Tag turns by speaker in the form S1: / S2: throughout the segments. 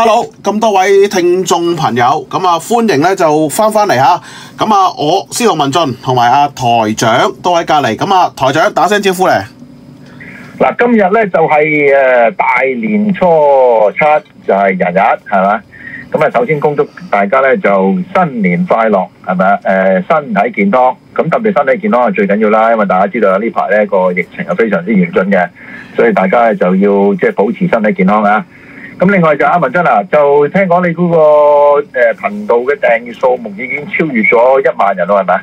S1: hello，咁多位聽眾朋友，咁啊歡迎咧就翻翻嚟吓，咁啊我司徒文進同埋啊台長都喺隔籬，咁啊台長打聲招呼咧。
S2: 嗱，今日咧就係誒大年初七就係人日係咪？咁啊首先恭祝大家咧就新年快樂係咪啊？誒，身體健康，咁特別身體健康係最緊要啦，因為大家知道呢排咧個疫情係非常之嚴峻嘅，所以大家咧就要即係保持身體健康啊。咁另外就阿文進啊，就聽講你嗰個誒頻道嘅訂閱數目已經超越咗
S1: 一萬人咯，係咪？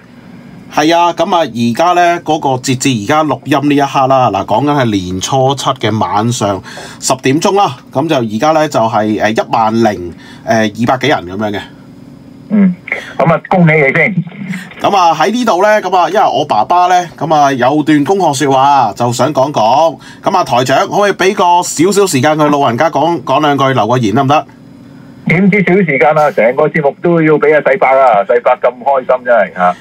S1: 係啊，咁啊而家咧嗰個截至而家錄音呢一刻啦，嗱講緊係年初七嘅晚上十點鐘啦，咁就而家咧就係誒一萬零誒二百幾人咁樣嘅。
S2: 嗯，咁啊，恭喜你先。
S1: 咁啊，喺呢度呢，咁啊，因為我爸爸呢，咁啊，有段工學說話，就想講講。咁啊，台長可以俾個少少時間佢老人家講講兩句，留個言得唔得？點知少時間啦、啊，成個節目都要俾阿細伯啊，細伯咁開心真係吓。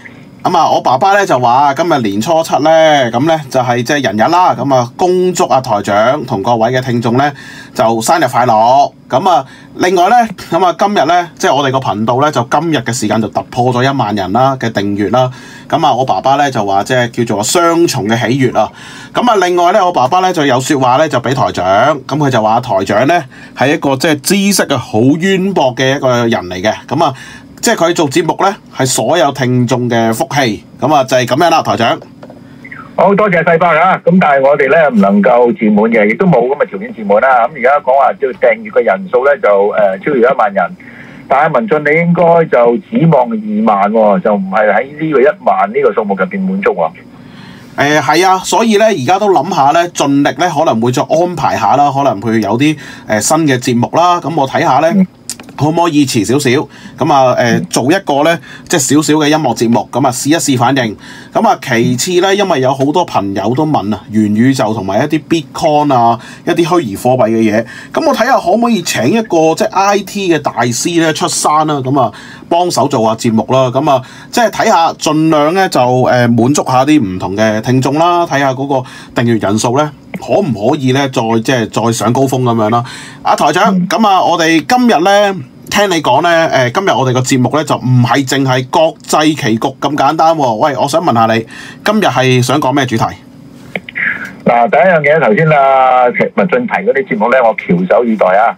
S1: 咁啊，我爸爸咧就話：今日年初七咧，咁咧就係即係人日啦。咁啊，恭祝啊台長同各位嘅聽眾咧，就生日快樂。咁啊，另外咧，咁啊，今日咧，即係我哋個頻道咧，就今日嘅時間就突破咗一萬人啦嘅訂閱啦。咁啊，我爸爸咧就話即係叫做雙重嘅喜悦啊。咁啊，另外咧，我爸爸咧就有説話咧，就俾台長，咁佢就話：台長咧係一個即係知識嘅好淵博嘅一個人嚟嘅。咁啊。即係佢做節目咧，係所有聽
S2: 眾嘅福氣，咁啊就係咁樣啦，台長。好多謝細伯啊，咁但係我哋咧唔能夠自滿嘅，亦都冇咁嘅條件自滿啦。咁而家講話要訂閱嘅人數咧就誒超越一萬人，但係文俊你應該就指望二萬，就唔係喺呢個一萬呢個數目入邊滿足啊。誒係啊，所以咧而家都諗
S1: 下咧，盡力咧可能會再安排下啦，可能會有啲誒新嘅節目啦。咁我睇下咧，可唔可以遲少少咁啊？誒、呃，做一個呢，即係少少嘅音樂節目咁啊，試一試反應。咁啊，其次呢，因為有好多朋友都問啊，元宇宙同埋一啲 Bitcoin 啊，一啲虛擬貨幣嘅嘢。咁我睇下可唔可以請一個即係 IT 嘅大師呢出山啦，咁啊，幫手做下節目啦。咁啊，即係睇下，儘量呢就誒滿、呃、足下啲唔同嘅聽眾啦，睇下嗰個訂閱人數呢。可唔可以咧，再即係再上高峰咁樣啦。阿 ooo om.、啊、台長，咁啊，我哋今日咧聽你講咧，誒、um,，今日我哋個節目咧就唔係淨係國際棋局咁簡單。喂，我想問下你，今日係想講咩主題？嗱，第一樣
S2: 嘢頭先啊，文俊提嗰啲節目咧，我翹首以待啊！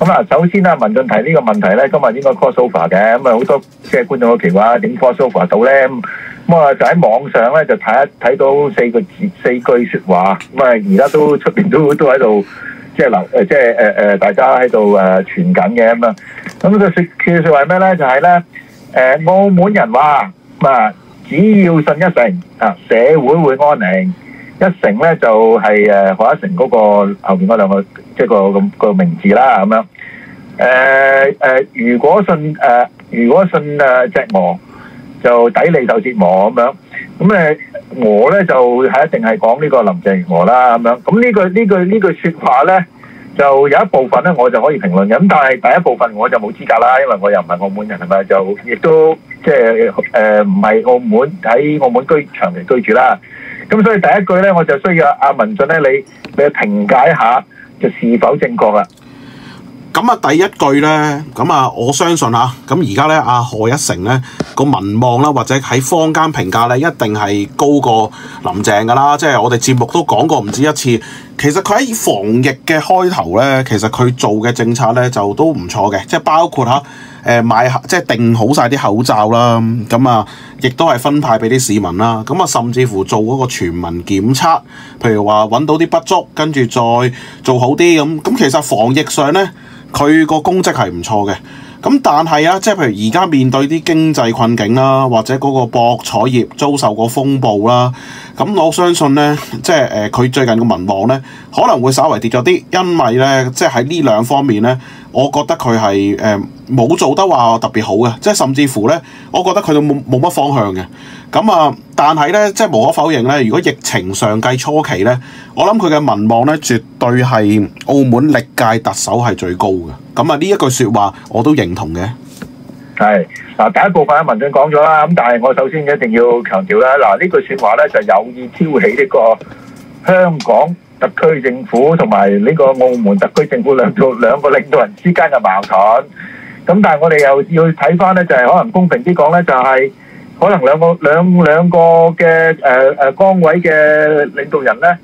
S2: 咁啊，首先啦，文進提呢個問題咧，今日應該 cross over 嘅。咁啊好多即係觀眾嘅期望點 cross over 到咧？咁我啊就喺網上咧就睇睇到四句四句説話，咁啊而家都出邊都都喺度即係流誒即係誒誒大家喺度誒傳緊嘅咁啊。咁佢説佢説話咩咧？就係咧誒澳門人話啊、呃，只要信一誠，啊，社會會安寧。一成咧就係誒何一成嗰個後面嗰兩個即係個個名字啦咁樣誒誒，如果信誒如果信誒隻鵝就抵你受折磨咁樣咁誒，我咧就係一定係講呢個林鄭月娥啦咁樣。咁呢句呢句呢句説話咧，就有一部分咧我就可以評論嘅，咁但係第一部分我就冇資格啦，因為我又唔係澳門人，係咪就亦都即係誒唔係澳門喺澳門居長期居住啦。咁所以第一句咧，我就需要
S1: 阿文進咧，你你去評價一下就是否正確啦？咁啊，第一句咧，咁啊，我相信啊，咁而家咧，阿賀一誠咧個民望啦、啊，或者喺坊間評價咧，一定係高過林鄭噶啦。即係我哋節目都講過唔止一次，其實佢喺防疫嘅開頭咧，其實佢做嘅政策咧就都唔錯嘅，即係包括吓。誒買即係定好晒啲口罩啦，咁啊，亦都係分派俾啲市民啦，咁啊，甚至乎做嗰個全民檢測，譬如話揾到啲不足，跟住再做好啲咁，咁其實防疫上呢，佢個功績係唔錯嘅。咁但係啊，即係譬如而家面對啲經濟困境啦，或者嗰個博彩業遭受過風暴啦，咁我相信呢，即係誒佢最近嘅民望呢，可能會稍微跌咗啲，因為呢，即係喺呢兩方面呢。我覺得佢係誒冇做得話特別好嘅，即係甚至乎咧，我覺得佢都冇冇乜方向嘅。咁啊，但係咧，即係無可否認咧，如果疫情上計初期咧，我諗佢嘅民望咧，絕對係澳門歷屆特首係最高嘅。咁啊，呢一句説話我都認同嘅。係
S2: 嗱，第一部分啊，文進講咗啦。咁但係我首先一定要強調啦，嗱呢句説話咧就有意挑起呢個香港。特區政府同埋呢個澳門特區政府兩個兩個領導人之間嘅矛盾，咁但係我哋又要睇翻呢，就係、是、可能公平啲講呢，就係、是、可能兩個兩兩個嘅誒誒崗位嘅領導人呢，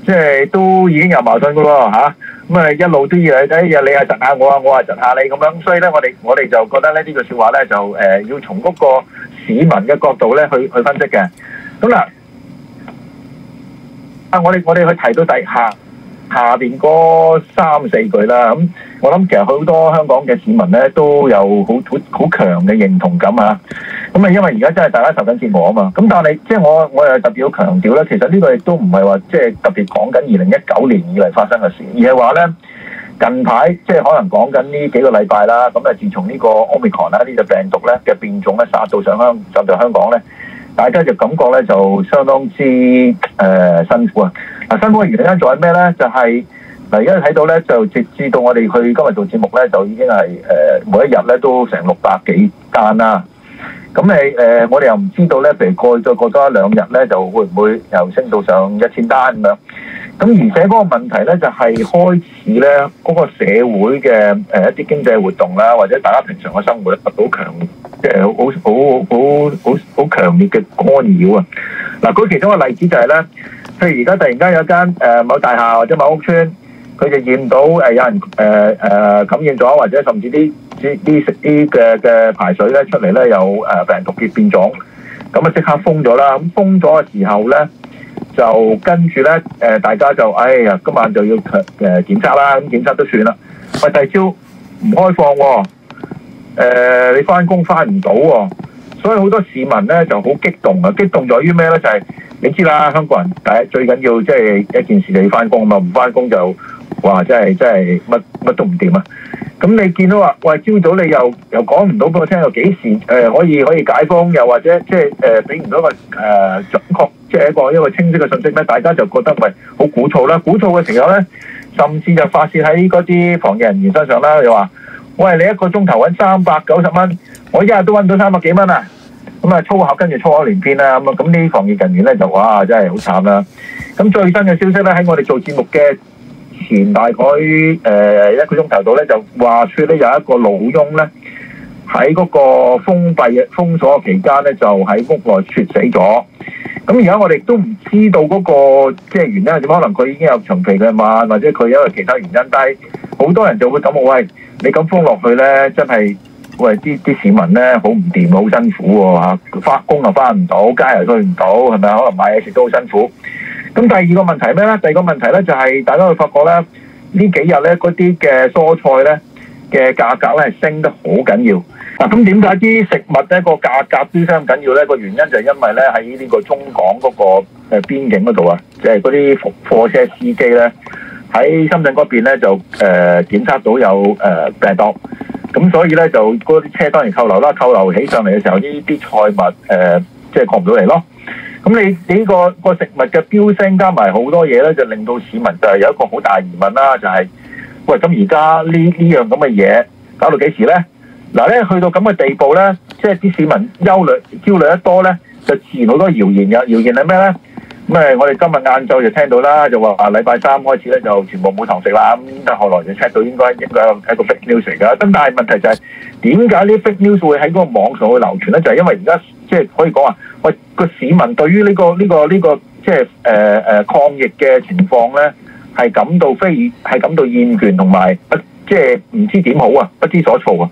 S2: 即、就、係、是、都已經有矛盾噶啦，咁啊，一路都要哎呀你係窒下我啊，我係窒下你咁樣，所以呢，我哋我哋就覺得咧呢句説、這個、話呢，就誒、呃、要從嗰個市民嘅角度呢去去分析嘅，咁嗱。啊！我哋我哋去提到底下下邊嗰三四句啦，咁、嗯、我諗其實好多香港嘅市民咧都有好好強嘅認同感啊。咁、嗯、啊因為而家真係大家受緊折磨啊嘛，咁、嗯、但係即係我我又特別要強調啦，其實呢個亦都唔係話即係特別講緊二零一九年以嚟發生嘅事，而係話咧近排即係可能講緊呢幾個禮拜啦，咁啊自從呢個 Omicron 啦呢隻病毒咧嘅變種咧殺到上香浸入香港咧。大家就感覺咧就相當之誒辛苦啊！嗱、呃，辛苦嘅原因在咩咧？就係嗱，而家睇到咧，就直至到我哋去今日做節目咧，就已經係誒、呃、每一日咧都成六百幾單啦。咁你誒我哋又唔知道咧，譬如過去再過多一兩日咧，就會唔會又升到上一千單咁樣？咁而且嗰個問題咧，就係開始咧嗰個社會嘅誒一啲經濟活動啦，或者大家平常嘅生活咧，受到強即係好好好好好好好強烈嘅干擾啊！嗱，嗰其中嘅例子就係、是、咧，譬如而家突然間有間誒某大廈或者某屋邨，佢就驗到誒有人誒誒感染咗，或者甚至啲啲啲食啲嘅嘅排水咧出嚟咧有誒病毒結變變種，咁啊即刻封咗啦！咁封咗嘅時候咧。就跟住咧，誒、呃、大家就，哎呀，今晚就要強誒檢測啦，咁檢測都算啦。喂、哎，第二朝唔開放喎、哦呃，你翻工翻唔到喎，所以好多市民咧就好激動啊！激動在於咩咧？就係、是、你知啦，香港人第一最緊要即係一件事就你，你翻工啊嘛，唔翻工就。哇！真係真係，乜乜都唔掂啊！咁你見到話喂，朝早你又又講唔到俾我聽到幾時誒、呃，可以可以解封，又或者即係誒，俾唔到個誒準確，即係、呃、一個、呃、一個清晰嘅信息咧，大家就覺得唔係好鼓噪。啦，鼓噪嘅時候咧，甚至就發洩喺嗰啲防疫人員身上啦。又話喂，你一個鐘頭搵三百九十蚊，我一日都搵唔到三百幾蚊啊！咁、嗯、啊，粗口跟住粗口連篇啦，咁、嗯、啊，咁呢啲防疫人員咧就哇，真係好慘啦！咁最新嘅消息咧喺我哋做節目嘅。前大概誒一個鐘頭度咧，就話說咧有一個老翁咧喺嗰個封閉封鎖期間咧，就喺屋內猝死咗。咁而家我哋都唔知道嗰個即係原因係點，可能佢已經有長期嘅病，或者佢因為其他原因。但係好多人就會感覺喂，你咁封落去咧，真係喂啲啲市民咧好唔掂，好辛苦喎嚇，發工又翻唔到，街又去唔到，係咪啊？可能買嘢食都好辛苦。咁第二個問題咩咧？第二個問題咧就係、是、大家會發覺咧，幾呢幾日咧嗰啲嘅蔬菜咧嘅價格咧係升得好緊要。嗱，咁點解啲食物咧、這個價格變相咁緊要咧？個原因就因為咧喺呢個中港嗰個誒邊境嗰度啊，即係嗰啲貨車司機咧喺深圳嗰邊咧就誒檢測到有誒病毒，咁、呃、所以咧就嗰啲車當然扣留啦，扣留起上嚟嘅時候，呢啲菜物誒、呃、即係過唔到嚟咯。咁你你個個食物嘅飆升加埋好多嘢咧，就令到市民就係有一個好大疑問啦，就係、是、喂咁而家呢呢樣咁嘅嘢搞到幾時咧？嗱咧去到咁嘅地步咧，即係啲市民憂慮焦慮得多咧，就自然好多謠言嘅。謠言係咩咧？咁誒，我哋今日晏晝就聽到啦，就話話禮拜三開始咧就全部冇堂食啦。咁但係後來就 check 到應該應該係一個 fake news 嘅。咁但係問題就係、是、點解呢 fake news 會喺嗰個網上會流傳咧？就係、是、因為而家即係可以講話。喂，個市民對於呢、這個呢、這個呢、這個即係誒誒抗疫嘅情況咧，係感到非係感到厭倦，同埋、呃、不即係唔知點好啊，不知所措啊。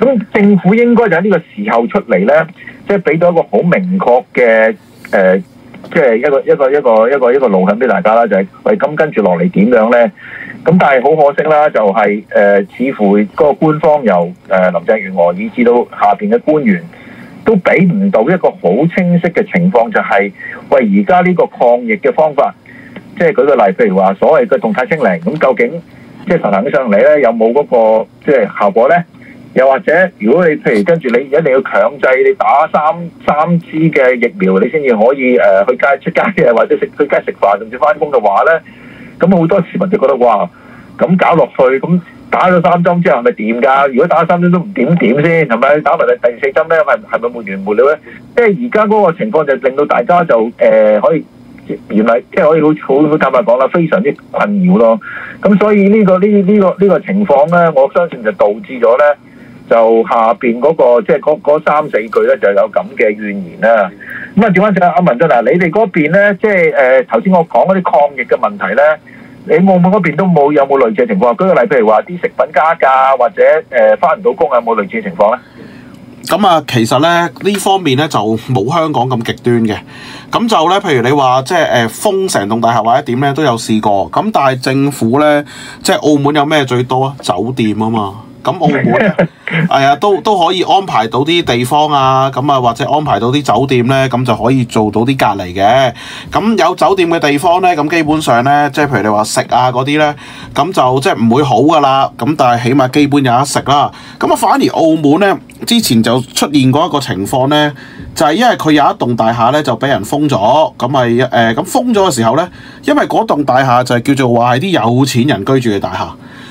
S2: 咁、嗯、政府應該就喺呢個時候出嚟咧，即係俾到一個好明確嘅誒，即係一個一個一個一個一個路向俾大家啦，就係、是、喂咁跟住落嚟點樣咧？咁、嗯、但係好可惜啦，就係、是、誒、呃、似乎嗰個官方由誒林鄭月娥以至到下邊嘅官員。都俾唔到一個好清晰嘅情況，就係，喂而家呢個抗疫嘅方法，即係舉個例，譬如話所謂嘅動態清零，咁究竟即係實行起上嚟咧，有冇嗰個即係效果咧？又或者如果你譬如跟住你一定要強制你打三三支嘅疫苗，你先至可以誒去街出街嘅，或者食去街食飯，甚至翻工嘅話咧，咁好多市民就覺得哇，咁搞落去咁。打咗三針之後係咪掂㗎？如果打三針都唔掂，點先係咪打埋第四針咧？係咪係沒完沒了咧？即係而家嗰個情況就令到大家就誒、呃、可以原來即係可以好好坦白講啦，非常之困擾咯。咁所以呢、這個呢呢、這個呢、這個情況咧，我相信就導致咗咧就下邊嗰、那個即係嗰三四句咧就有咁嘅怨言啦。咁、嗯、啊轉翻上阿文進嗱，你哋嗰邊咧即係誒頭先我講嗰啲抗疫嘅問題咧。你澳門嗰邊都冇有冇類似嘅情況？舉個例，譬如話啲食品加價或者誒翻
S1: 唔到工，有冇類似嘅情況咧？咁啊，其實咧呢方面咧就冇香港咁極端嘅。咁就咧，譬如你話即係誒封成棟大廈或者點咧，都有試過。咁但係政府咧，即係澳門有咩最多啊？酒店啊嘛。咁澳門，係啊，都都可以安排到啲地方啊，咁啊，或者安排到啲酒店咧，咁就可以做到啲隔離嘅。咁有酒店嘅地方咧，咁基本上咧，即係譬如你話食啊嗰啲咧，咁就即係唔會好噶啦。咁但係起碼基本有得食啦。咁啊，反而澳門咧，之前就出現過一個情況咧，就係因為佢有一棟大廈咧，就俾人封咗。咁咪誒咁封咗嘅時候咧，因為嗰棟大廈就係叫做話係啲有錢人居住嘅大廈。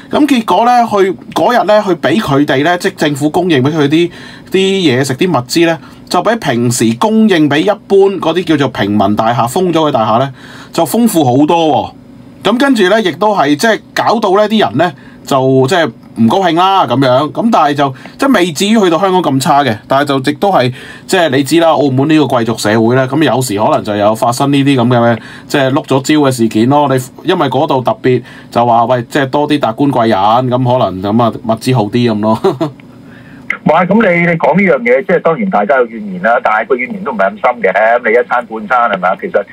S1: 咁結果咧，去嗰日咧，去俾佢哋咧，即係政府供應俾佢啲啲嘢食，啲物資咧，就比平時供應俾一般嗰啲叫做平民大廈封咗嘅大廈咧，就豐富好多喎，哦。咁跟住咧，亦都係即係搞到咧，啲人咧就即係。唔高興啦咁樣，咁但係就即係未至於去到香港咁差嘅，但係就直都係即係你知啦，澳門呢個貴族社會咧，咁有時可能就有發生呢啲咁嘅即係碌咗招嘅事件咯。你因為嗰度特別就話喂，即係多啲達官貴人，咁可能咁啊物資好啲咁咯，咯。哇！咁你你講呢樣嘢，即係當然大家有怨
S2: 言啦，但係個怨言都唔係咁深嘅，你一餐半餐係咪啊？其實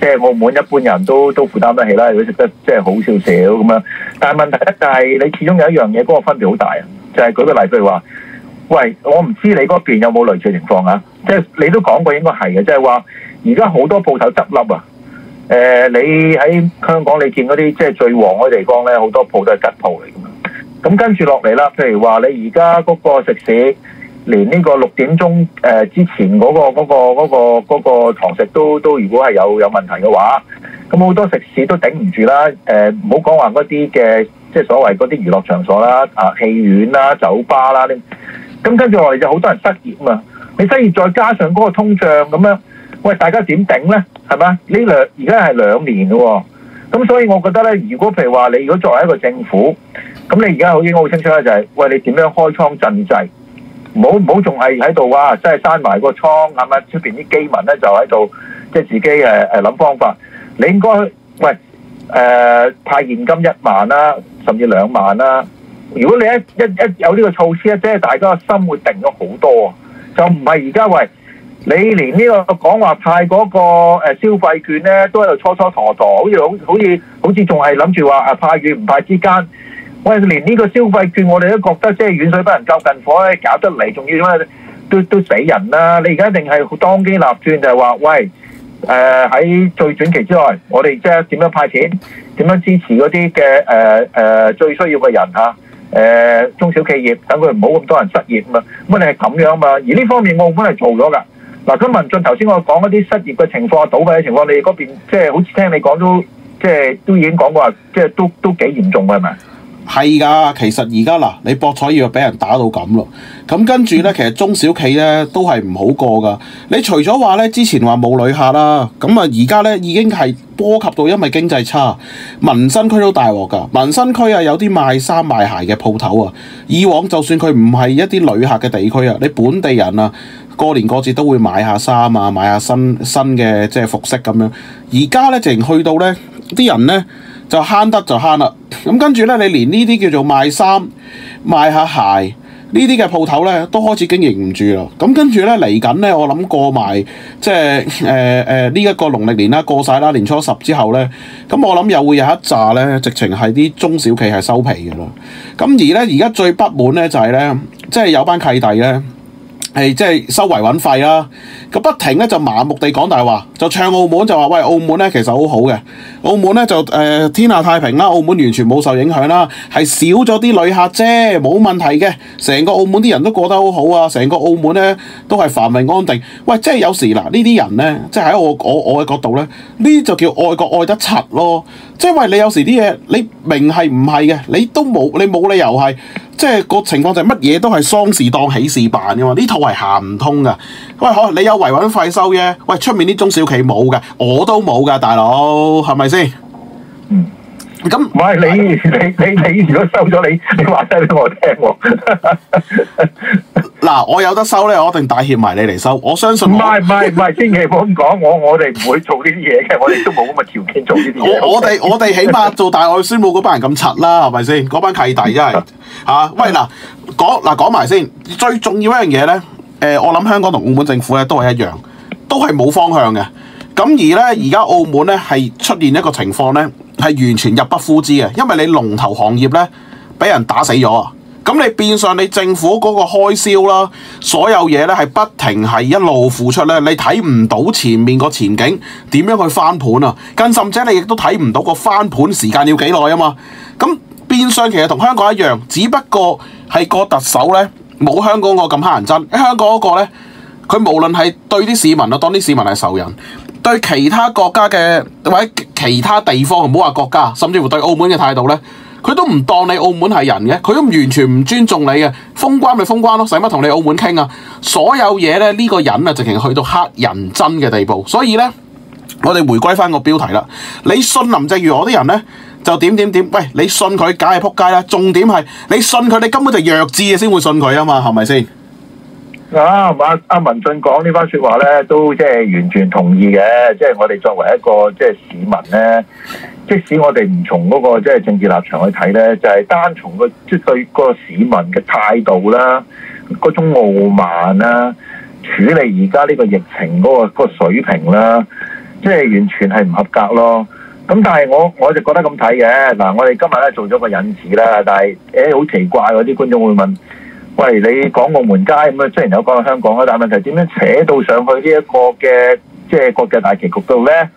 S2: 即係澳門一般人都都負擔得起啦，如果食得即係好少少咁樣。但係問題咧、那個，就係你始終有一樣嘢，嗰個分別好大啊！就係舉個例，譬如話，喂，我唔知你嗰邊有冇類似情況啊？即係你都講過應該係嘅，即係話而家好多鋪頭執笠啊！誒、呃，你喺香港你見嗰啲即係最旺嗰啲地方咧，好多鋪都係執鋪嚟嘅。咁跟住落嚟啦，譬如話你而家嗰個食肆，連呢個六點鐘誒、呃、之前嗰、那個嗰、那個嗰、那個堂、那個那個、食都都如果係有有問題嘅話。咁好多食肆都頂唔住啦，誒，唔好講話嗰啲嘅，即係所謂嗰啲娛樂場所啦，啊，戲院啦、酒吧啦，咁、啊、跟住落嚟就好多人失業嘛。你失業再加上嗰個通脹咁樣，喂，大家點頂呢？係咪？呢兩而家係兩年嘅喎，咁所以我覺得呢，如果譬如話你如果作為一個政府，咁你而家好應該好清楚啦、就是，就係喂，你點樣開倉賑濟？唔好唔好仲係喺度哇，即係閂埋個倉，係咪？出邊啲饑民呢，就喺度即係自己誒誒諗方法。你應該喂誒、呃、派現金一萬啦、啊，甚至兩萬啦、啊。如果你一一一有呢個措施咧，即係大家心會定咗好多啊。就唔係而家喂，你連呢、這個講話派嗰個消費券咧，都喺度蹉蹉跎跎，好似好似好似仲係諗住話派與唔派之間。喂，連呢個消費券我哋都覺得即係遠水不能救近火，搞得嚟仲要乜都都死人啦！你而家一定係當機立斷就係、是、話喂。誒，喺、呃、最短期之內，我哋即係點樣派錢，點樣支持嗰啲嘅、誒誒，最需要嘅人吓，誒、呃、中小企業，等佢唔好咁多人失業嘛。咁你係咁樣嘛？而呢方面澳、澳門係做咗噶。嗱，咁文進頭先我講一啲失業嘅情況、倒閉嘅情況，你嗰邊即係好似聽你講都，即係都已經講過話，即係都都幾嚴重嘅係咪？
S1: 係噶，其實而家嗱，你博彩要俾人打到咁咯，咁跟住呢，其實中小企呢都係唔好過噶。你除咗話呢之前話冇旅客啦，咁啊而家呢已經係波及到，因為經濟差，民生區都大鑊噶。民生區啊，有啲賣衫賣鞋嘅鋪頭啊，以往就算佢唔係一啲旅客嘅地區啊，你本地人啊過年過節都會買下衫啊，買下新新嘅即係服飾咁樣。而家呢，淨係去到呢啲人呢。就慳得就慳啦，咁跟住咧，你連呢啲叫做賣衫、賣下鞋呢啲嘅鋪頭咧，都開始經營唔住啦。咁跟住咧，嚟緊咧，我諗過埋即係誒誒呢一個農曆年啦，過晒啦年初十之後咧，咁我諗又會有一紮咧，直情係啲中小企係收皮嘅啦。咁而咧，而家最不滿咧就係咧，即係有班契弟咧。係即係收維穩費啦，咁不停咧就盲目地講大話，就唱澳門就話喂，澳門咧其實好好嘅，澳門咧就誒、呃、天下太平啦，澳門完全冇受影響啦，係少咗啲旅客啫，冇問題嘅，成個澳門啲人都過得好好啊，成個澳門咧都係繁榮安定。喂，即係有時嗱呢啲人咧，即係喺我我我嘅角度咧，呢啲就叫愛國愛得柒咯。即係喂你有時啲嘢你明係唔係嘅，你都冇你冇理由係，即係、個情況就係乜嘢都係喪事當喜事辦嘅嘛。呢套係行唔通嘅。喂，可你有維穩費收嘅？喂，出面啲中小企冇嘅，我都冇嘅，大佬係咪先？是是
S2: 嗯。咁唔係你你你你，你如果收咗你，你話聲俾我聽喎。
S1: 嗱，我有得收咧，我一定帶挈埋你嚟收。我相信唔係唔係唔係，千祈唔好咁講，我我哋唔會做呢啲嘢嘅，我哋都冇咁嘅條件做呢啲嘢。我哋我哋起碼做大外宣嗰班人咁柒啦，係咪先？嗰班契弟真係嚇。喂嗱，講嗱講埋先，最重要一樣嘢咧，誒，我諗香港同澳門政府咧都係一樣，都係冇方向嘅。咁而咧而家澳門咧係出現一個情況咧，係完全入不敷支嘅，因為你龍頭行業咧俾人打死咗啊！咁你變相你政府嗰個開銷啦，所有嘢咧係不停係一路付出咧，你睇唔到前面個前景點樣去翻盤啊？更甚者，你亦都睇唔到個翻盤時間要幾耐啊嘛！咁變相其實同香港一樣，只不過係個特首咧冇香港嗰個咁乞人憎，香港嗰個咧佢無論係對啲市民啊，當啲市民係仇人，對其他國家嘅或者其他地方唔好話國家，甚至乎對澳門嘅態度咧。佢都唔當你澳門係人嘅，佢都完全唔尊重你嘅，封關咪封關咯，使乜同你澳門傾啊？所有嘢咧呢個人啊，直情去到黑人憎嘅地步，所以咧，我哋回歸翻個標題啦。你信林鄭月娥啲人咧，就點點點？喂，你信佢梗係撲街啦。重點係你信佢，你根本就弱智嘅
S2: 先會信佢啊嘛，係咪先？啊！阿文進講呢番說話呢，都即係完全同意嘅。即係我哋作為一個即係市民呢，即使我哋唔從嗰個即係政治立場去睇呢，就係單從個即係對個市民嘅態度啦，嗰種傲慢啦，處理而家呢個疫情嗰個個水平啦，即係完全係唔合格咯。咁但係我我就覺得咁睇嘅。嗱，我哋今日咧做咗個引子啦，但係誒，好奇怪喎！啲觀眾會問。喂，你講澳門街咁啊？雖然有講到香港啦，但問題點樣扯到上去呢一個嘅即係國際大棋局度咧？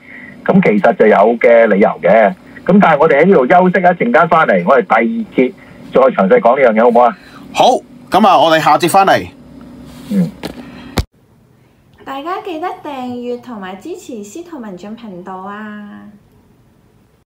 S2: 咁其實就有嘅理由嘅。咁但係我哋喺呢度休息一陣間翻嚟，我哋第二節再詳細講呢樣嘢好唔好啊？好，咁啊，我哋下節翻嚟。嗯。大家記得訂閱同埋支持司徒文進頻道啊！